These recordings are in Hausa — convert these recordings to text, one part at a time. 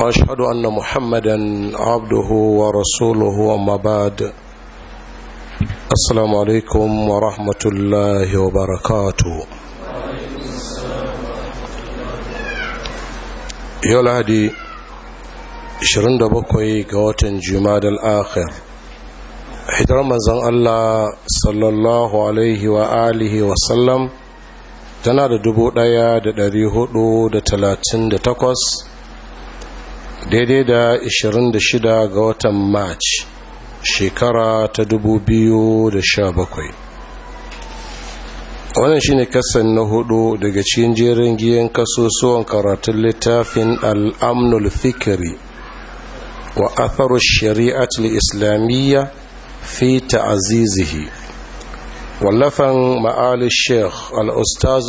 واشهد ان محمدا عبده ورسوله وما بعد السلام عليكم ورحمه الله وبركاته يا الهدي 27 ga watan jumada al-akhir hijirar manzon Allah sallallahu alaihi wa alihi wa sallam tana da 1438 daidai da 26 ga watan march shekara ta 2017 wannan shine kasan na hudu daga cikin jerin giyan kasosuwan karatun littafin al'amnul fikiri wa atharu shari'atul islamiyya fi ta'azizihi wallafan ma'ali sheikh al-ustaz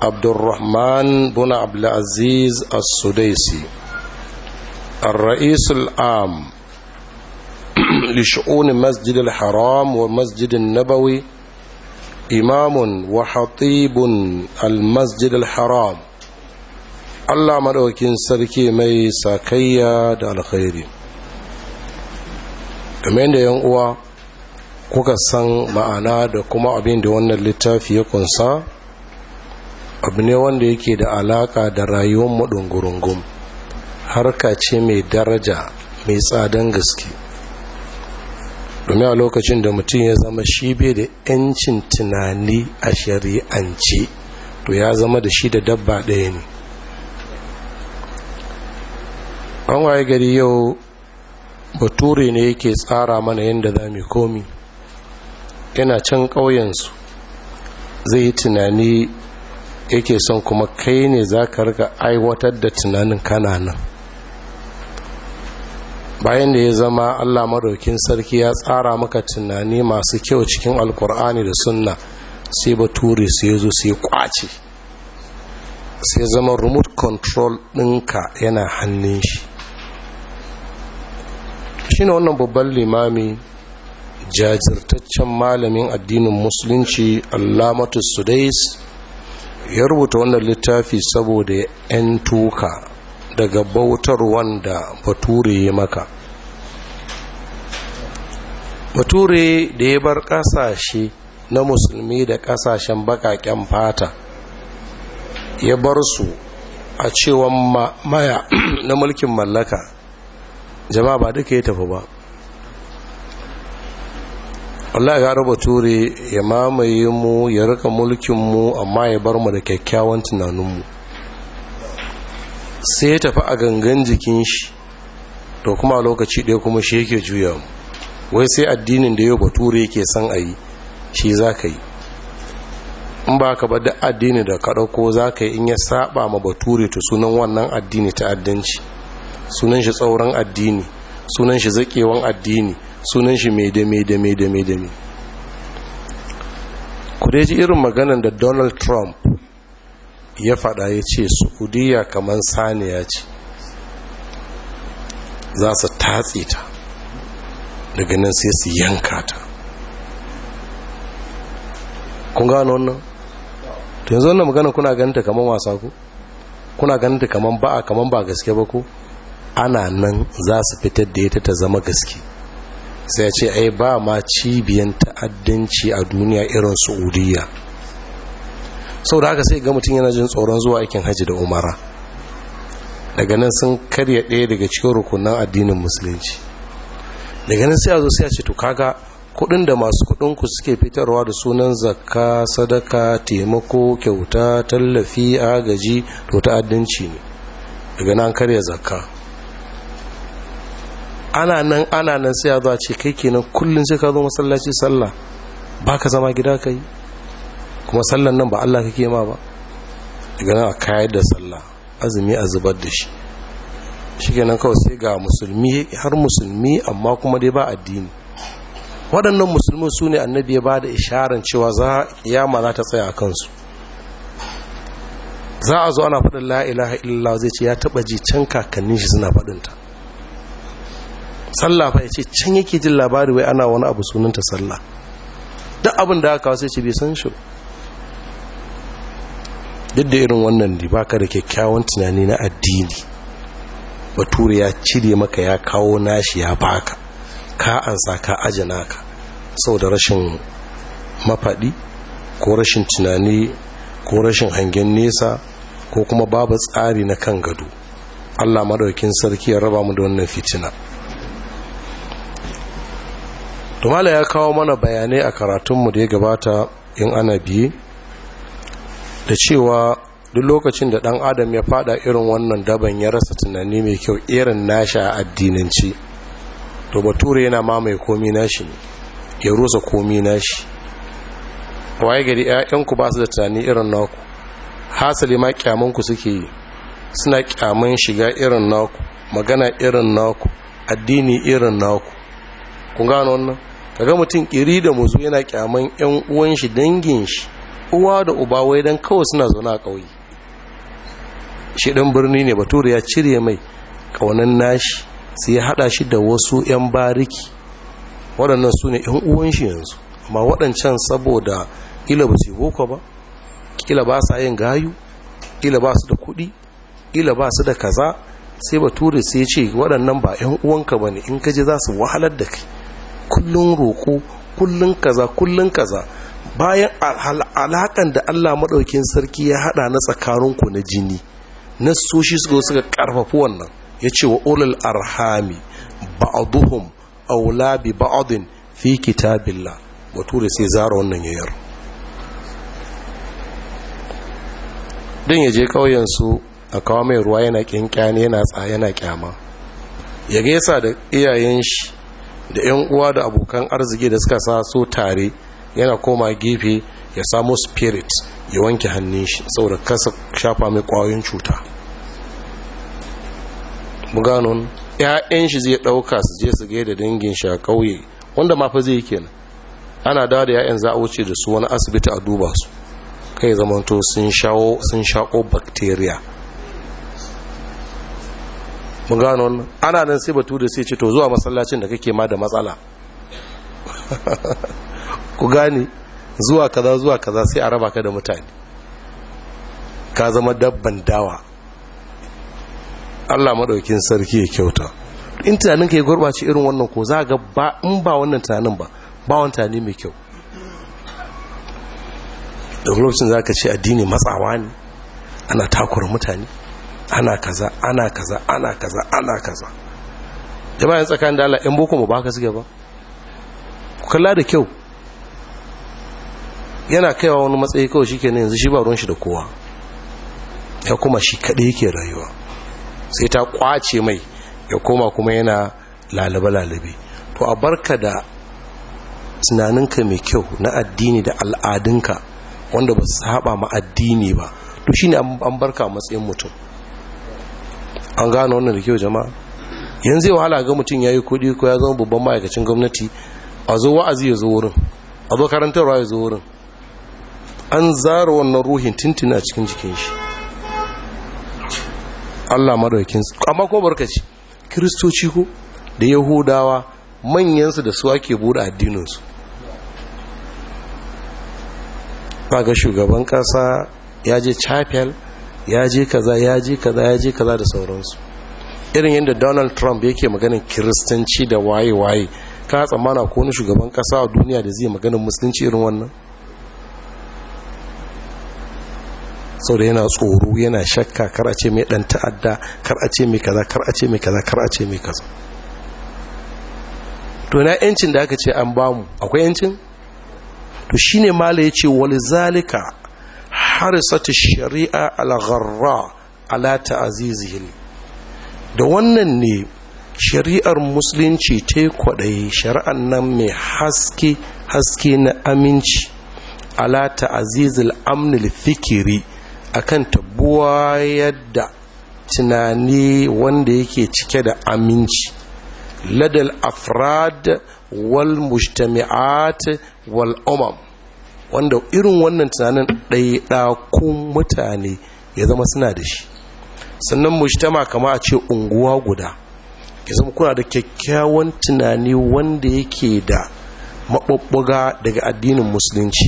Abdulrahman bin abdulaziz Asudaisi, sudaisi الرئيس Lishuni لشؤون Haram الحرام Masjidin Nabawi, imamun وحطيب Almasjidal Haram, Allah maɗaukin sarki mai sakayya da alkhairi game da yan uwa kuka san ma'ana da kuma abinda da wannan littafi ya kunsa abu ne wanda yake da alaka da rayuwar maɗungurungun harka ce mai daraja mai tsadan gaske domin a lokacin da mutum ya zama shi bai da 'yancin tunani a shari'ance to ya zama da shi da dabba ɗaya ne an waye gari yau bature ne yake tsara mana yadda za mu komi yana can ƙauyensu zai yi tunani yake son kuma kai ne za ka rika aiwatar da tunanin nan bayan da ya zama allah maraukin sarki ya tsara maka tunani masu kyau cikin alkur'ani da sunna sai ba su ya zo sai kwace sai zama remote control ɗinka yana hannun shi shi ne wannan babban limami jajirtaccen malamin addinin musulunci allamatu sudais ya rubuta wannan littafi saboda yan tuka daga bautar wanda bature ya maka bature da ya bar kasashe na musulmi da kasashen bakaken fata ya bar su a cewan maya na mulkin mallaka jama'a ba duka ya tafi ba Allah ya raba ture ya mamaye mu ya rika mu amma ya bar mu da kyakkyawan tunanin mu sai ya tafi a gangan jikin shi to kuma lokaci ɗaya kuma shi yake juya mu wai sai addinin da yau bature yake son a yi shi za ka yi in ba ka bada addini da ka ɗauko za ka yi in ya saba ma bature ta sunan wannan addini ta addanci sunan shi tsauran addini sunan shi zaƙewan addini sunan shi mai dame dame dame dame ku dai ji irin maganan da donald trump ya fada ya ce saudiya kamar saniya ce za su tatsi ta daga nan sai su yanka ta kun gano wannan to yanzu wannan magana kuna ganinta kamar wasa ku kuna ganinta kamar ba'a kamar ba gaske ba ku ana nan za su fitar da ita ta zama gaske sai ce ai ba ma cibiyan ta'addanci a duniya irin saudiya sau da haka sai ga mutum yana jin tsoron zuwa aikin hajji da umara daga nan sun karya ɗaya daga cikin rukunan addinin musulunci daga nan sai a zo sai a ce to kaga kudin da masu kudinku suke fitarwa da sunan zakka sadaka taimako kyauta tallafi agaji to ta'addanci ne daga nan karya zakka ana nan ana nan sai a zuwa ce kai kenan kullum sai ka zo masallaci sallah ba ka zama gida ka yi kuma sallan nan ba Allah kake ma ba daga nan a kayar da sallah azumi a zubar da shi shi kenan kawai sai ga musulmi har musulmi amma kuma dai ba addini waɗannan musulmin su ne annabi ya ba da isharar cewa za kiyama za ta tsaya a kansu za a zo ana faɗin la'ilaha illallah zai ce ya taɓa ji can kakannin shi suna faɗinta sallah fa ya ce can yake jin labari wai ana wani abu sunanta sallah duk abin da aka sai ce bai san shi duk da irin wannan da baka da kyakkyawan tunani na addini bature ya cire maka ya kawo nashi ya baka ka ansa ka ajina ka da rashin mafaɗi ko rashin tunani ko rashin hangen nesa ko kuma babu tsari na kan gado Allah madaukin sarki ya raba mu da wannan fitina tumala ya kawo mana bayanai a karatunmu da ya gabata in ana biye da cewa duk lokacin da dan adam ya fada irin wannan daban ya rasa tunani mai kyau irin nashi a addinance. to bature yana mamaye komi nashi ya rusa komi nashi waye gari ƴaƴanku ba su da tunani irin naku hasali ma kyamanku suke yi suna kyaman shiga irin naku magana irin naku addini irin naku Ku gano wannan kaga mutum kiri da musu yana kyaman yan uwan shi dangin shi uwa da uba wai dan kawai suna zauna a ƙauye shi dan birni ne bature ya cire mai kaunan nashi sai ya hada shi da wasu yan bariki waɗannan su ne yan uwan shi yanzu amma waɗancan saboda kila ba su boko ba kila ba sa yin gayu kila ba su da kuɗi kila ba su da kaza sai bature sai ya ce waɗannan ba yan uwanka ba ne in ka je za su wahalar da kai kullun roƙo kullun kaza kullun kaza bayan alaƙan da Allah maɗaukin sarki ya haɗa na tsakaninku na jini na soshi suka suka ƙarfafi wannan ya ce wa ulul arhami ba'aduhum aula bi ba'adin fi kitabillah bature sai zara wannan yayar din ya je ƙauyensu a kawo mai ruwa yana ƙyanƙyani yana tsaya yana kyama ya gaisa da iyayen shi da 'yan uwa da abokan arziki da suka sa so tare yana koma gefe ya samo spirit ya wanke hannun shi saboda kasa shafa mai kwayoyin cuta buganon 'ya'yan shi zai ɗauka su je su gaida dangin shi a ƙauye wanda mafi zai kenan ana dawo da 'ya'yan za a wuce da su wani asibiti a duba su kai zamanto sun shaƙo bakteriya. mun gano wannan ana nan sai batu da sai ce to zuwa masallacin da kake ma da matsala ku gane zuwa kaza zuwa kaza sai a raba ka da mutane ka zama dabban dawa Allah madaukin sarki ya kyauta in tunanin ka ya gurɓace irin wannan ko za ga ba in ba wannan tunanin ba ba wani tunani mai kyau da lokacin za ka ce addini matsawa ne ana takura mutane ana kaza ana kaza ana kaza ana kaza jama'a tsakanin da Allah 'yan boko mu baka haka suke ba ku kalla da kyau yana kaiwa wani matsayi kawai shikenan yanzu shi ba ruwan shi da kowa ya kuma shi kaɗai yake rayuwa sai ta kwace mai ya koma kuma yana lalaba-lalabe to a barka da tunaninka mai kyau na addini da al'adunka wanda ba su saba ma addini ba to shine an barka matsayin mutum an gano wannan da kyau jama'a yanzu wahala ga mutum ya yi kuɗi ko ya zama babban ma'aikacin gwamnati a zo wa'azi ya zo wurin a zo karantarwa ya zo wurin an zara wannan ruhin tintina a cikin jikin shi allah madaukin amma ko barkaci kiristoci ko da yahudawa manyansu da su ake buɗe addininsu ga shugaban ƙasa ya je chapel ya je kaza ya je kaza ya je kaza da sauransu irin yadda donald trump yake maganin kiristanci da waye-waye ka tsammana ko wani shugaban kasa a duniya da zai maganin musulunci irin wannan sau da yana tsoro yana shakka kar a ce mai dan ta'adda kar a ce mai kaza kar a ce mai kaza kar a ce mai kaza to na yancin da aka ce an bamu akwai yancin to shine mala ya ce wali zalika harisata shari'a al-gharra ala ta'azizihil da wannan ne shari'ar musulunci ta kwaɗayi shari'ar nan mai haske haske na aminci ala ta'azizil amnil fikiri akan tabuwa yadda tunani wanda yake cike da aminci ladal afrad wal mujtami'at wal umam wanda irin wannan tunanin ɗaiɗakun mutane ya zama suna da shi sannan mujtama kama a ce unguwa guda ya zama kuna da kyakkyawan tunani wanda yake da maɓuɓɓuga daga addinin musulunci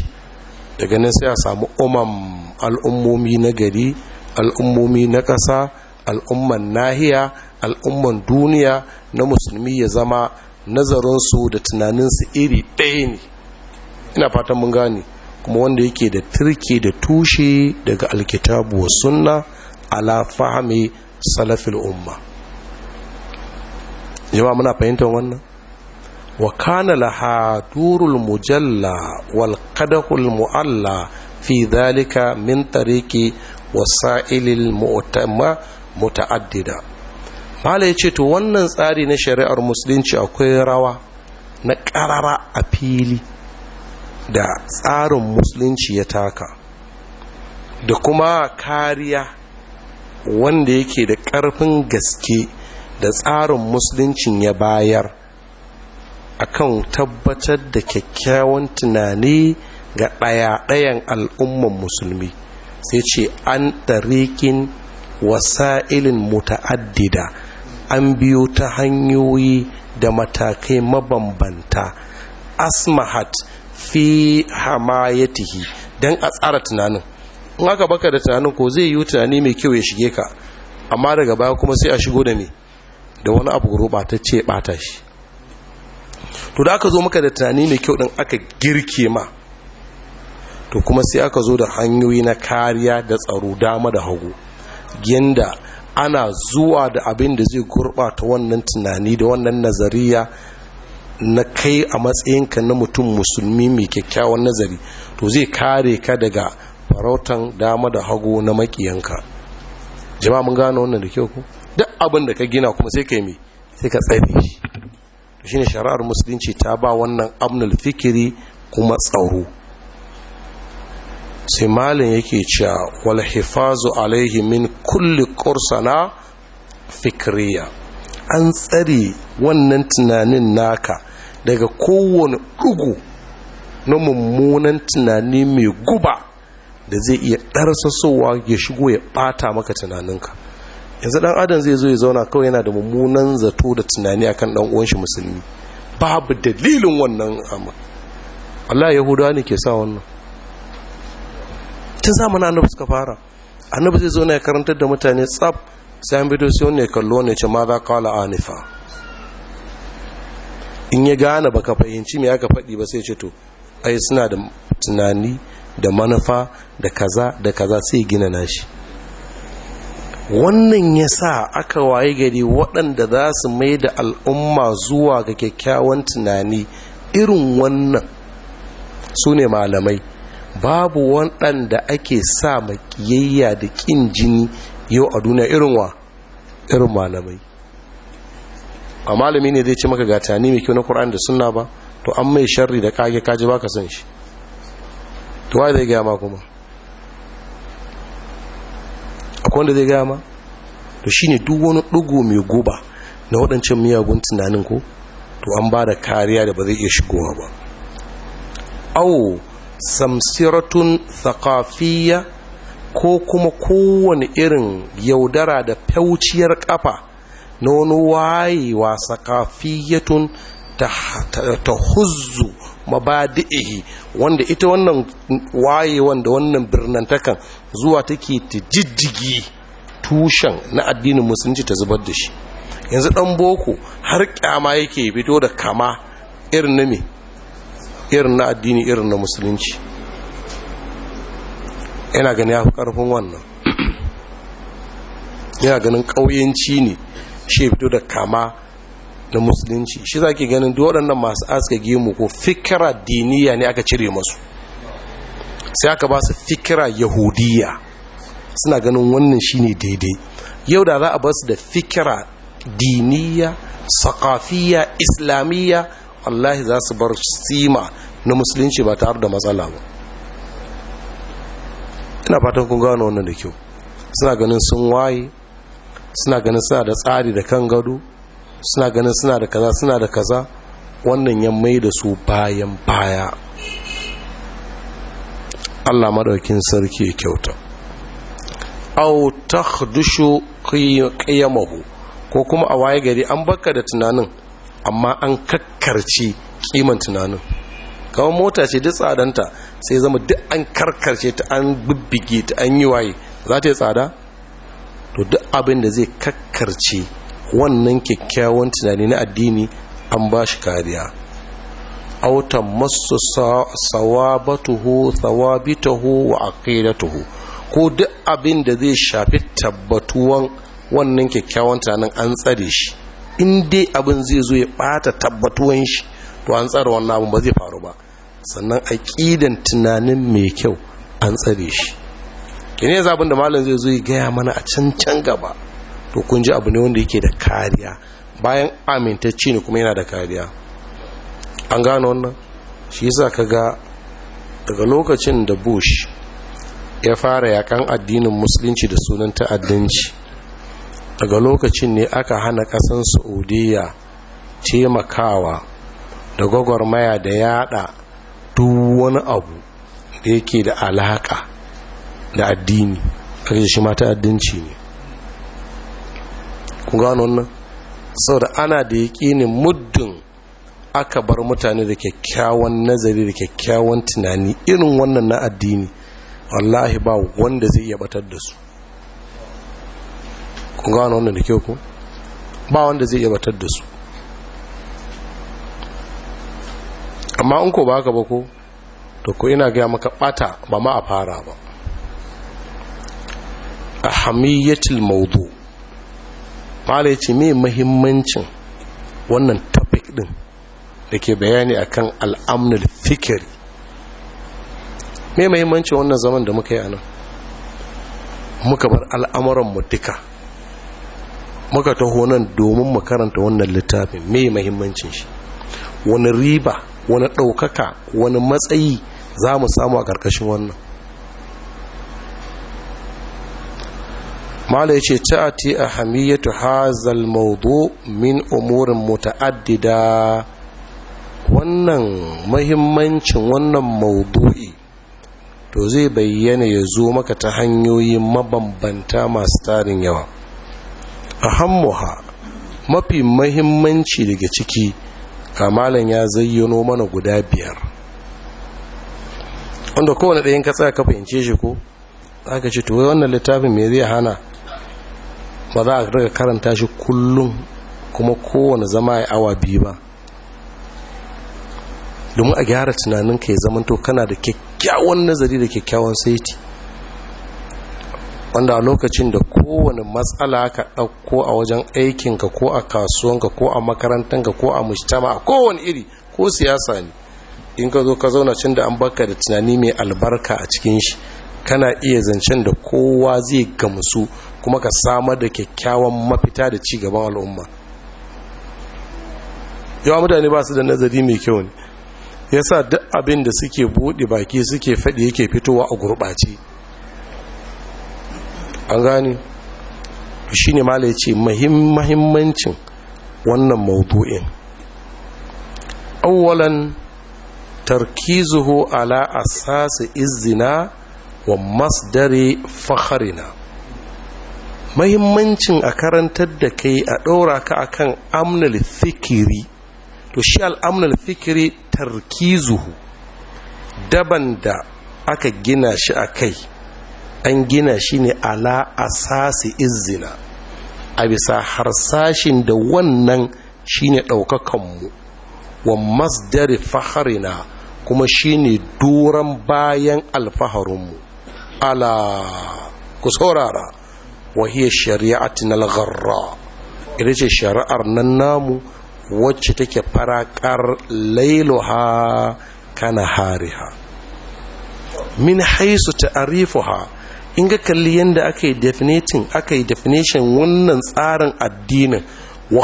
daga nan sai a samu umam al'ummomi na gari al'ummomi na ƙasa al'umman nahiya al'umman duniya na musulmi ya zama nazarinsu da tunaninsu iri ɗaya ne ina fatan mun gane kuma wanda yake da turke da tushe daga alkitabu wa sunna ala fahimi salafil umma jama'a muna fahimtar wannan wa kana laha turul mujalla wal qadahul mu'alla fi dhalika min tariqi wasailil mu'tamma muta'addida mala yace to wannan tsari na shari'ar musulunci akwai rawa na karara a fili da tsarin musulunci ya taka da kuma kariya wanda yake da ƙarfin gaske da tsarin musuluncin ya bayar akan tabbatar da kyakkyawan tunani ga ɗaya-ɗayan al'umman musulmi sai ce an ɗariƙin wasa'ilin muta'addida an biyo ta hanyoyi da matakai mabambanta asmahat fi hamayatihi don a tsara tunanin in aka baka da tunanin ko zai yi tunani mai kyau ya shige ka amma daga baya kuma sai a shigo da me da wani abu gurbatacce bata shi to da aka zo maka da tunani mai kyau din aka girke ma to kuma sai aka zo da hanyoyi na kariya da tsaro dama da hagu yanda ana zuwa da abin da zai gurbata wannan tunani da wannan nazariya na kai a matsayinka na mutum musulmi mai kyakkyawan nazari to zai kare ka daga farautan dama da hagu na makiyanka jama'a mun gano wannan da kyau ku duk abin da ka gina kuma sai yi mai sai ka tsare shi to shine shari'ar musulunci ta ba wannan amnul fikiri kuma tsaro sai malin yake cewa wal hifazu alaihi min kulli qursana fikiriya. an tsare wannan tunanin naka daga kowane ɗugu na mummunan tunani mai guba da zai iya ɗarsasowa ya shigo ya ɓata maka tunaninka yanzu ɗan adam zai zo ya zauna kawai yana da mummunan zato da tunani akan ɗan uwan shi musulmi babu dalilin wannan amma Allah yahudawa ne ke sa wannan ta zamanin annabi suka fara annabi zai zo na ya karantar da mutane tsab sai an bido sai wani ya kallo ne ce ma za kala anifa in ya gane baka fahimci me aka faɗi ba sai ce to ai suna da tunani da manufa da kaza da kaza sai gina nashi wannan ya sa aka waye gari waɗanda za su mai da al'umma zuwa ga kyakkyawan tunani irin wannan su ne malamai babu waɗanda ake sa makiyayya da ƙin jini yau a duniya irin wa irin malamai A malami ne zai ce maka gata ni mai kyau na Qur'ani da suna ba to an mai sharri da kage kaji ba ka san shi to wa zai gaya ma kuma akwai wanda zai gaya ma to shine duk wani dugo mai guba na waɗancan miyagun tunanin ko to an ba da kariya da ba zai iya shigowa ba au samsiratun tsakafiya ko kuma kowane irin yaudara da fauciyar kafa na wani wayewa sakafiyatun ta huzzu mabadi'ihi wanda ita wannan wayewan da wannan birnantakan zuwa take ta tushen na addinin musulunci ta zubar da shi yanzu dan boko har kyama yake fito da kama irin na irin na addini irin na musulunci Ina gani ya fi karfin wannan yana ganin ƙauyenci ne shi fito da kama na musulunci shi za ki ganin duk waɗannan masu aska gemu ko fikira diniya ne aka cire masu sai aka ba su fikira yahudiya suna ganin wannan shine daidai yau da za a ba su da fikira diniya sakafiya islamiyya wallahi za su bar sima na musulunci ba tare da matsala ba ina fatan kun gano wannan da kyau suna ganin sun waye suna ganin suna da tsari da kan gado suna ganin suna da kaza suna da kaza wannan ya mai da su bayan baya Allah maɗaukin sarki ya kyauta au dushu ƙiyamahu ko kuma a waye gari an baka da tunanin amma an kakkarci kiman tunanin kawai mota ce duk tsadanta sai zama duk an karkarce ta an bibbige ta an yi waye za ta yi tsada to duk abin da zai kakkarce wannan kyakkyawan tunani na addini an ba shi kariya autan masu sawabatuhu sawabitahu wa aqidatuhu ko duk abin da zai shafi tabbatuwan wannan kyakkyawan tunanin an tsare shi in dai abin zai zo ya bata tabbatuwan shi to an tsare wannan abin ba zai faru ba sannan aqidan tunanin mai kyau an tsare shi kene zaɓin da malam zai zo ya gaya mana a cancan gaba to kun ji abu ne wanda yake da kariya bayan amintacci ne kuma yana da kariya an gano wannan shi yasa ka ga daga lokacin da bush ya fara yakan addinin musulunci da sunan ta'addanci daga lokacin ne aka hana ƙasan saudiya taimakawa da gwagwarmaya da yada duk wani abu da yake da alaƙa. da addini aka shi ma ta'addanci ne ku gano wannan saboda ana da ne muddin aka bar mutane da kyakkyawan nazari da kyakkyawan tunani irin wannan na addini wallahi ba wanda zai iya batar da su kun gano wannan da kyau ku ba wanda zai iya batar da su amma in ko ba ka ba ko to ko ina gaya maka bata ba ma a fara ba a hamiyyatul maudu malai ce mai mahimmancin wannan topic din da ke bayani akan al'amnul fikiri mai mahimmancin wannan zaman da muka yi anan muka bar al'amuran mu duka muka taho nan domin mu karanta wannan littafin mai mahimmancin shi wani riba wani ɗaukaka wani matsayi za mu samu a ƙarƙashin wannan mala ya ce ta'ati a hamiyatu hazal maudu min umurin muta'addida wannan mahimmancin wannan maudu'i to zai bayyana ya zo maka ta hanyoyi mabambanta masu tarin yawa a ahammuha mafi mahimmanci daga ciki kamalan ya zayyano mana guda biyar wanda kowane ɗayan ka tsaya ka fahimce shi ko aka ce to wannan littafin me zai hana ba za a daga karanta shi kullum kuma kowane zama ya awa biyu ba domin a gyara tunanin ka ya zamanto kana da kyakkyawan nazari da kyakkyawan saiti wanda a lokacin da kowane matsala ka ɗauko a wajen aikinka ko a kasuwanka ko a makarantanka ko a mustama a kowane iri ko siyasa ne in ka zo ka zauna cin da an baka da tunani mai albarka a cikin shi kana iya zancen da kowa zai gamsu kuma ka samar da kyakkyawan mafita da ci gaban al'umma yawa mutane ba su da nazari mai kyau ne sa duk abin da suke buɗe baki suke faɗi yake fitowa a gurɓace an gani shi ne mala ya ce mahimmancin wannan maudu'in awwalan tarkizuhu ala asasi izina wa masdari fakharina mahimmancin a karantar da kai a ɗora ka kan amnal fikiri to shi al'amnal fikiri tarkizu, daban da aka gina shi a kai an gina shi ne ala asasi izina a bisa harsashin da wannan shi ne ɗaukakanmu wa masdari faharina kuma shi ne duran bayan alfaharunmu ala ku saurara wa hiya shari'atin al-gharra ita ce shari'ar nan namu wacce take farakar lailuha kana hariha min haisu ta'arifuha in ga kalli yadda aka yi definiting aka yi definition wannan tsarin addinin wa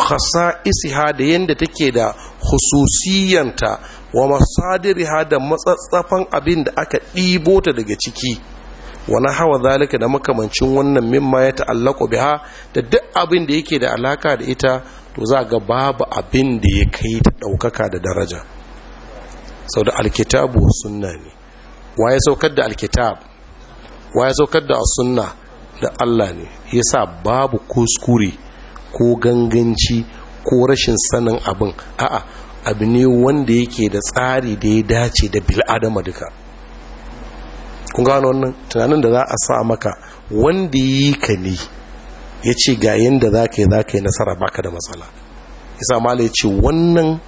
isiha da yadda take da hususiyanta wa masadiriha da matsatsafan abin da aka ɗibo ta daga ciki wani hawa zalika da makamancin wannan mimma ya ta'allaku biha da duk abin da yake da alaka da ita to za ga babu abin da ya kai ta ɗaukaka da daraja sau da alkitabu sunna ne wa saukar da alkitab wa saukar da sunna da allah ne yasa babu kuskure ko ganganci ko rashin sanin abin a'a abu ne wanda yake da tsari da ya dace da bil'adama duka kun gano wannan tunanin da za a sa maka wanda yi ka ne ya ce ga yadda za ka yi za ka yi nasara ba ka da matsala ya sa mala ya ce wannan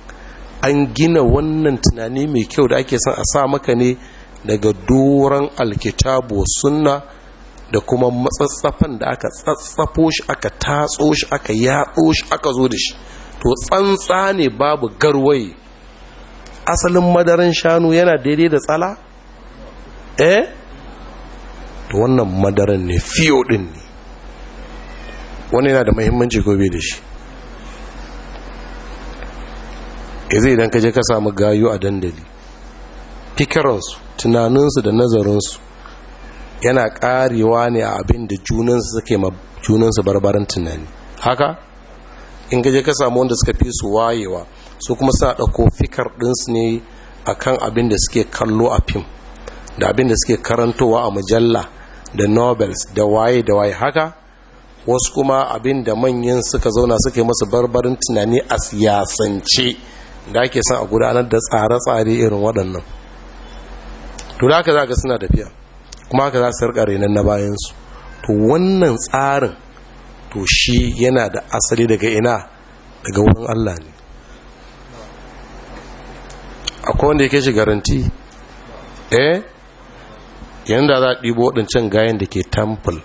an gina wannan tunani mai kyau da ake son a sa maka ne daga doron alkitabu sunna da kuma matsatsafan da aka tsatsafo shi aka tatso shi aka yatso shi aka zo da shi to tsantsa ne babu garwaye asalin madaran shanu yana daidai da tsala eh to wannan madaran ne fiyo din ne wani yana da mahimmanci gobe da shi yanzu idan ka ka samu gayu a dandali fikiransu tunaninsu da nazarinsu yana karewa ne a abin da junansu suke ma junansu barbaran tunani haka in gaje ka samu wanda suka fi su wayewa su kuma suna ɗauko fikar ɗinsu ne a kan abin da suke kallo a fim da abin da suke karantowa a mujalla da nobels da waye da waye haka wasu kuma abin da manyan suka zauna suke masu barbarin tunani a siyasance da ake son a gudanar da tsare-tsare irin waɗannan to da aka za suna tafiya kuma aka za su rika nan na bayansu to wannan tsarin to shi yana da asali daga ina daga wurin Allah ne akwai wanda yake shi garanti eh yanda za a ɗibo waɗancan gayan da ke tamfil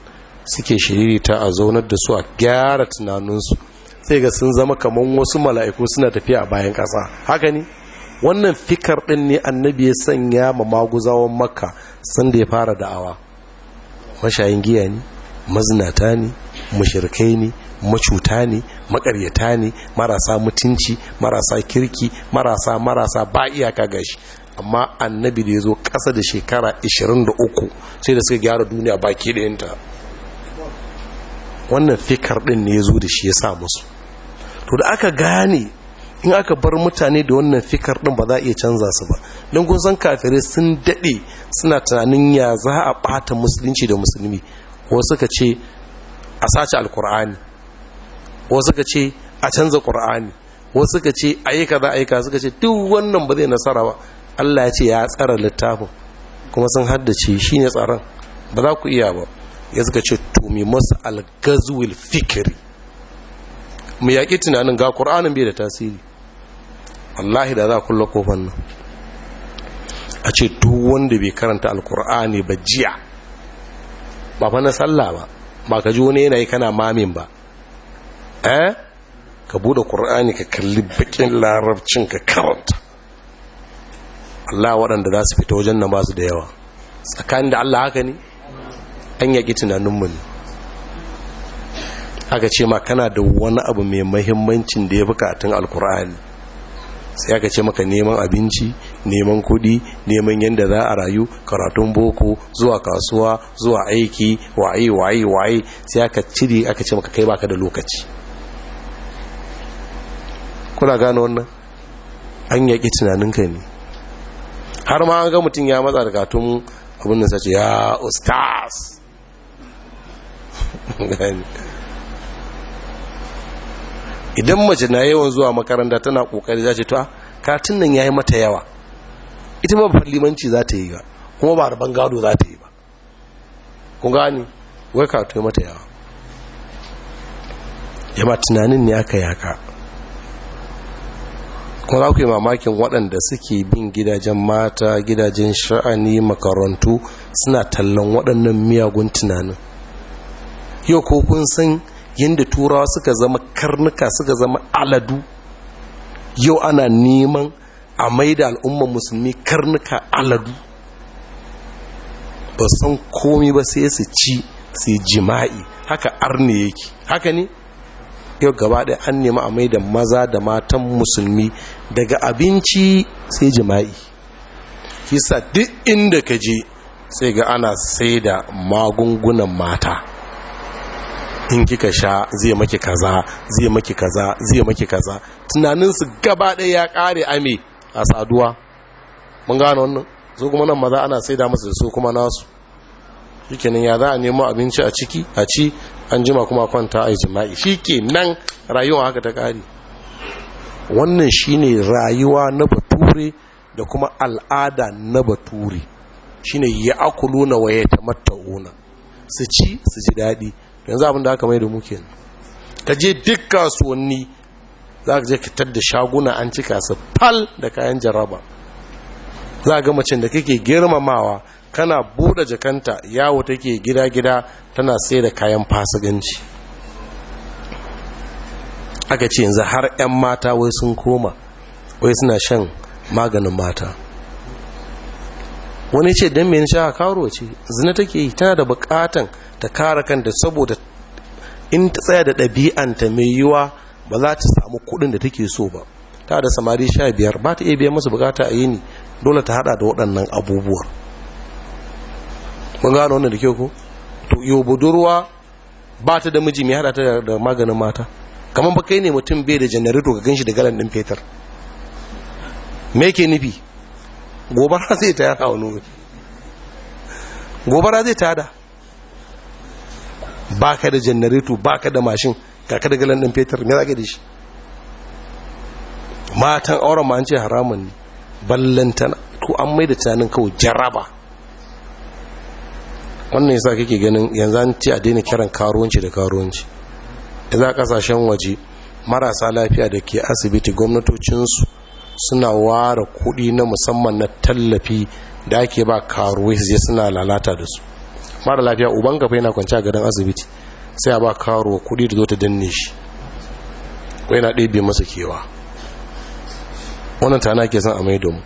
suke shiririta a zaunar da su a gyara tunaninsu sai ga sun zama kamar wasu mala'iku suna tafiya a bayan ƙasa haka ne wannan fikar ɗin ne annabi ya sanya ma maguzawan makka sun da ya fara da'awa mashayin giya ne mazinata ne mashirkai ne macuta ne makaryata ne marasa mutunci marasa kirki marasa marasa ba iyaka gashi amma annabi da ya zo ƙasa da shekara 23 sai da suka gyara duniya baki ɗayanta wannan fikar ɗin ne ya zo da shi ya sa musu to da aka gane in aka bar mutane da wannan fikar ɗin ba za a iya canza su ba don kun san kafirai sun daɗe suna tunanin ya za a ɓata musulunci da musulmi wasu ka ce a sace alkur'ani wasu ka ce a canza ƙur'ani wasu ka ce a yi a yi kaza suka ce duk wannan ba zai nasara ba Allah ya ce ya tsara littafin kuma sun haddace shi ne tsaron ba za ku iya ba ya suka ce tumi masu algazuwil fikiri mu yaƙi tunanin ga ƙur'anin bai da tasiri wallahi da za ku kulla a ce duk wanda bai karanta alƙur'ani ba jiya ba fa na sallah ba ba ka ji wani yanayi kana mamin ba eh ka bude ƙur'ani ka kalli bakin larabcin ka karanta Allah waɗanda za su fita wajen nan ba su da yawa tsakanin da Allah haka ne an yaƙi tunaninmu ne aka ce ma kana da wani abu mai mahimmancin da ya fi katin alkur'ani sai aka ce maka neman abinci neman kudi neman yadda za a rayu karatun boko zuwa kasuwa zuwa aiki waye waye waye sai aka cire aka ce maka kai baka da lokaci kuna gano wannan an yaƙi tunaninka ne har ma an ga mutum ya matsa da katun abin da sace ya ustaz idan mace na yawan zuwa makaranta tana kokari za ce ta katin nan ya yi mata yawa ita ba limanci za ta yi ba kuma ba rabon gado za ta yi ba ku gani wai katon mata yawa yamma tunanin ne aka yaka Ka za ku yi mamakin waɗanda suke bin gidajen mata gidajen sha'ani makarantu suna tallan waɗannan miyagun tunanin yau ko kun san yadda turawa suka zama karnuka suka zama aladu yau ana neman a maida al'ummar musulmi karnuka aladu ba san komi ba sai su ci su jima'i haka arne yake haka ne yau gaba ɗaya an nema a maida maza da matan musulmi daga abinci sai jima'i kisa duk inda ka je sai ga ana sai da magungunan mata in kika sha zai maki kaza zai maki kaza zai maki kaza tunaninsu gaba ɗaya ya ƙare ame a saduwa mun gano wannan su kuma nan maza ana sai da masu su kuma nasu shikenan ya za a nemo abinci a ciki a ci an jima kuma kwanta a yi jima'i shikenan rayuwa haka ta ƙare wannan shine rayuwa na bature da kuma al'ada na bature shine ya akulu na waye ta matta'una su ci su ji daɗi yanzu abin da aka mai da muke ka je duk kasuwanni za ka je ka da shaguna an cika su fal da kayan jaraba za ga macin da kake girmamawa kana buɗe jakanta yawo take gida-gida tana sai da kayan fasiganci aka ce yanzu har 'yan mata wai sun koma wai suna shan maganin mata wani ce don mai sha karo ce zina take yi tana da bukatan ta kare kanta saboda in ta tsaya da ɗabi'anta mai yiwa ba za ta samu kuɗin da take so ba ta da samari sha biyar ba ta iya biyan masa bukata a yini dole ta hada da waɗannan abubuwa mun gano wannan da kyau ko to yo budurwa ba ta da miji mai hada ta da maganin mata kamar bakai ne mutum bai da janarito ka ganshi da galan din fetur me ke nufi gobara zai ta yada wani wuri gobara zai ta ba ka da janarito ba ka da mashin kaka ka da galan din fetur me za ka da shi matan auren ma an ce haramun ne ballantana ko an mai da tunanin kawai jaraba wannan yasa kake ganin yanzu an ce a daina kiran karuwanci da karuwanci za kasashen waje marasa lafiya da ke asibiti gwamnatocinsu suna ware kuɗi na musamman na tallafi da ake ba karuwai su je suna lalata da su mara lafiya uban kafa yana kwanci a gadon asibiti sai a ba karuwa kuɗi da zo ta danne shi ko yana ɗebe masa kewa wannan tana ke son a mai domin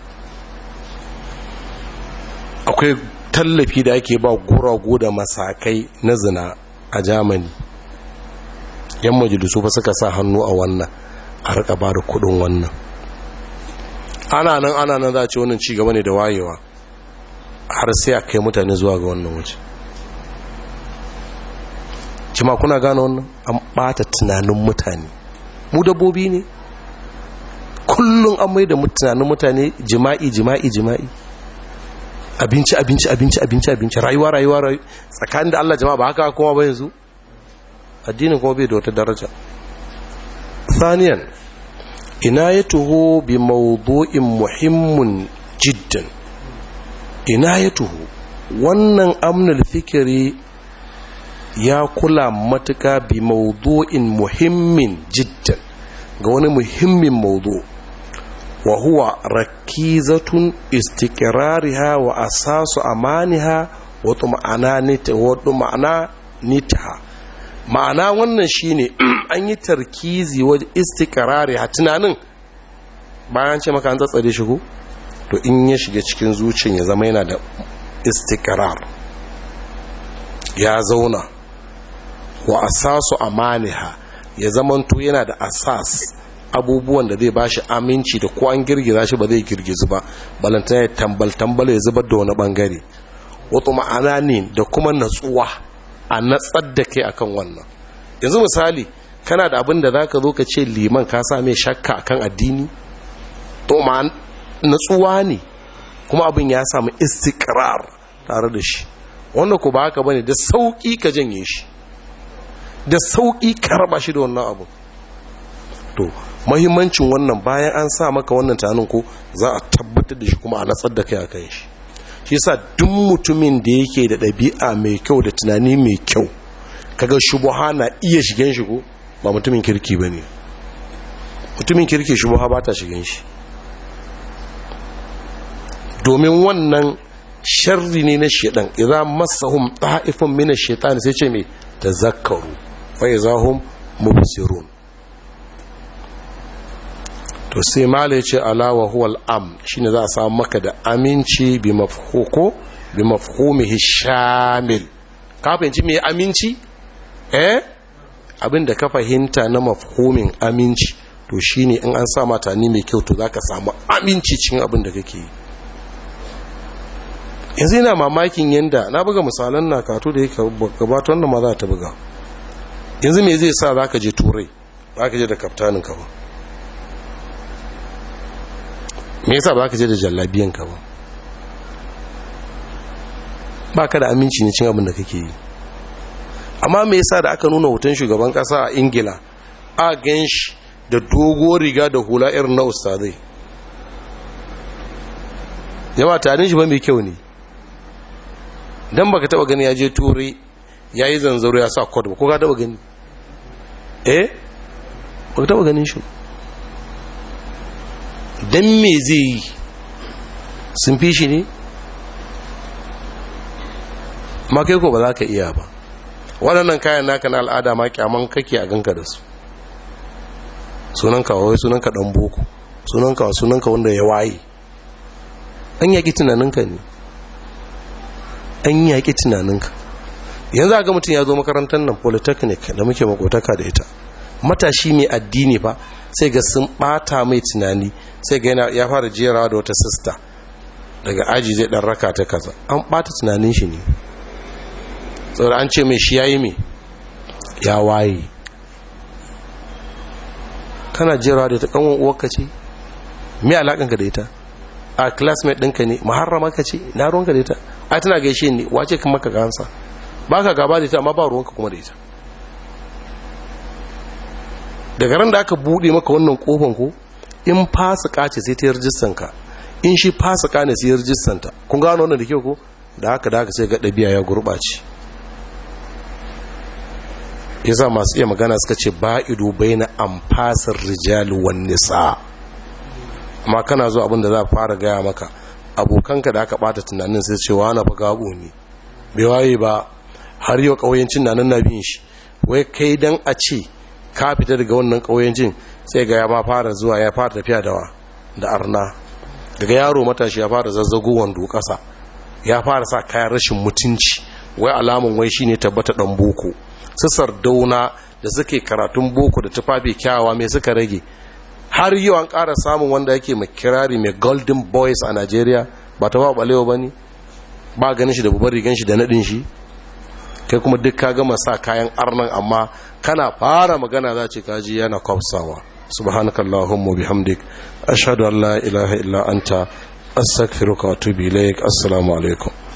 akwai tallafi da ake ba guragu da masakai na zina a jamani yan majalisu ba suka sa hannu a wannan a rika ba da kudin wannan ana nan ana nan za a ce wannan cigaba ne da wayewa har sai a kai mutane zuwa ga wannan waje cima kuna gane wannan an bata tunanin mutane mu dabbobi ne kullum an mai da tunanin mutane jima'i jima'i jima'i abinci abinci abinci abinci abinci rayuwa rayuwa rayuwa tsakanin da allah jama'a ba haka kuma ba yanzu addinin kuma bai da wata daraja saniyan ina ya tuho bi mawdu'in muhimmin jiddan ina ya tuho wannan amnul fikiri ya kula matuka bi mawdu'in muhimmin jiddin ga wani muhimmin mawdu wa huwa rakizatun istiqrariha wa asasu amaniha wato ma'ana nitha. ma'ana wannan shine an yi tarkizi wa istikrari a tunanin bayan ce maka an tsatsare shi to in ya shiga cikin zuciyar ya zama yana da istikrar ya zauna wa asasu amaniha ya zamanto yana da asas abubuwan da zai bashi aminci da ko an girgiza shi ba zai girgizu ba balanta ya tambal tambal ya zubar da wani bangare wato ma'ana ne da kuma natsuwa a natsar da kai akan wannan yanzu misali kana da abin da za ka zo ka ce liman ka sa mai shakka akan addini to ma natsuwa ne kuma abin ya samu istikrar tare da shi wannan ku ba haka bane da sauki ka janye shi da sauki ka raba shi da wannan abu to mahimmancin wannan bayan an sa maka wannan tanin ko za a tabbatar da shi kuma a natsar da kai akan shi shi duk mutumin da yake da ɗabi'a mai kyau da tunani mai kyau kaga shubuha na iya shigen shigo ba mutumin kirki ba ne mutumin kirki shubuha ba ta shigen shi domin wannan sharri ne na shaɗan idan masahum ta'ifun min mina shaytan sai ce me tazakkaru fa izahum mubsirun to sai malai ce alawa huwal am shine za a samu maka da aminci bi mafhuko bi mafhumihi shamil ka fahimci me aminci eh abinda ka fahimta na mafhumin aminci to shine in an sa mata ni mai kyau to za ka samu aminci cikin abin da kake yi yanzu yana mamakin yanda na buga misalan na kato da yake gabata wanda ma za ta buga yanzu me zai sa za ka je turai Za ka je da kaftanin ka ba me yasa ba ka je da jallabiyan ka ba ba ka da aminci ne cin abin da kake yi amma me yasa da aka nuna hoton shugaban kasa a ingila a ganshi da doguwar riga da hula irin na ustazai yawa tarin shi ba mai kyau ne don baka taba gani ya je turai ya yi zanzaro ya sa kod ba ko ka taba gani eh ba ka taba ganin shi ba don me zai yi sun fi shi ne ma kai ko ba za ka iya ba waɗannan kayan naka na al'ada ma kyaman kake a ganka da su Sunan sunanka sunan ka ɗan boko Sunan sunan ka wanda ya waye an yaƙi tunaninka ne an yaƙi tunaninka yanzu a ga mutum ya zo makarantar nan polytechnic da muke makotaka da ita matashi mai addini ba sai ga sun ɓata mai tunani sai ga ya fara jera da wata sista daga aji zai dan raka ta kaza an bata tunanin shi ne tsoro an ce mai shi yayi me ya waye kana jera da ta kanwan uwarka ce me alakan ka da ita a classmate ɗinka ne maharrama ka ce na ruwanka da ita a tana gaishe ne wace kan maka gansa ba ka gaba da ita amma ba ruwanka kuma da ita daga ran da aka buɗe maka wannan kofan ko in fasika ce sai ta rijistan ka in shi fasika ne sai rijistan ta kun gano wannan da ke ko da haka da haka sai ga ɗabi'a ya gurɓace za masu iya magana suka ce ba ba'idu baina amfasar rijal wan nisa amma kana zo abin da za fara gaya maka abokanka da aka bata tunanin sai ce wani fa ne bai waye ba har yau ƙauyencin na nan na bin shi wai kai dan a ce ka fita daga wannan kauyancin sai ga ya ma fara zuwa ya fara tafiya da da arna daga yaro matashi ya fara zazzago wando kasa ya fara sa kayan rashin mutunci wai alamun wai shine tabbata dan boko sassar dauna da suke karatun boko da tufafi kyawawa mai suka rage har yau an ƙara samun wanda yake mai kirari mai golden boys a nigeria ba ta ba ɓalewa ba ne ba ganin shi da bubar rigan shi da naɗin shi kai kuma duk ka gama sa kayan arnan amma kana fara magana za ce kaji yana kwafsawa subhanakallahumma bihamdik ashhadu an la ilaha illa anta astaghfiruka wa assalamu alaikum